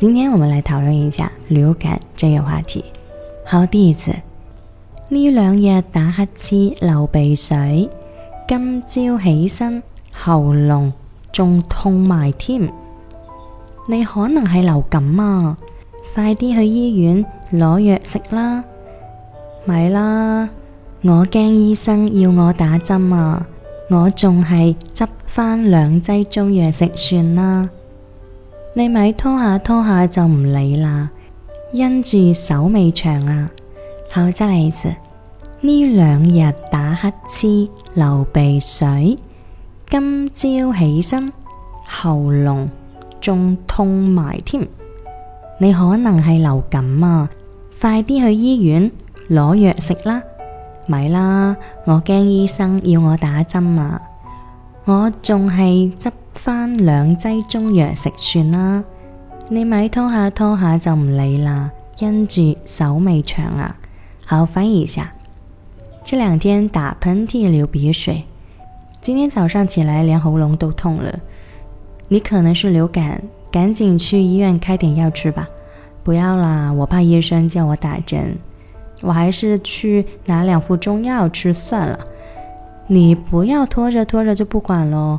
今天我們來討論一下流感這個話題。好，第二次呢兩日打乞嗤、流鼻水，今朝起身喉嚨仲痛埋添。你可能係流感啊，快啲去醫院攞藥食啦。咪啦，我驚醫生要我打針啊，我仲係執翻兩劑中藥食算啦。你咪拖下拖下就唔理啦，因住手尾長啊，好真係意思。呢兩日打乞嗤、流鼻水，今朝起身喉嚨仲痛埋添。你可能係流感啊，快啲去醫院攞藥食啦。咪啦，我驚醫生要我打針啊，我仲係執。翻兩劑中藥食算啦，你咪拖下拖下就唔理啦，因住手尾長啊。好，翻譯一下，這兩天打噴嚏流鼻水，今天早上起來連喉嚨都痛了，你可能是流感，趕緊去醫院開點藥吃吧。不要啦，我怕醫生叫我打針，我還是去拿兩副中藥吃算了。你不要拖着拖着就不管咯。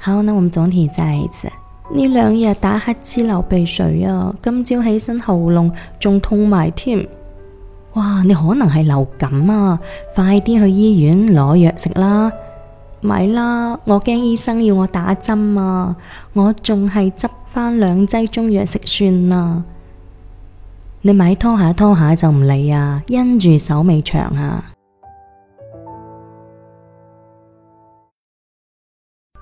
好，那我們總提一下，呢兩日打乞嗤流鼻水啊，今朝起身喉嚨仲痛埋添。哇，你可能係流感啊，快啲去醫院攞藥食啦。咪啦，我驚醫生要我打針啊，我仲係執翻兩劑中藥食算啦。你咪拖下拖下就唔理啊，因住手尾長啊。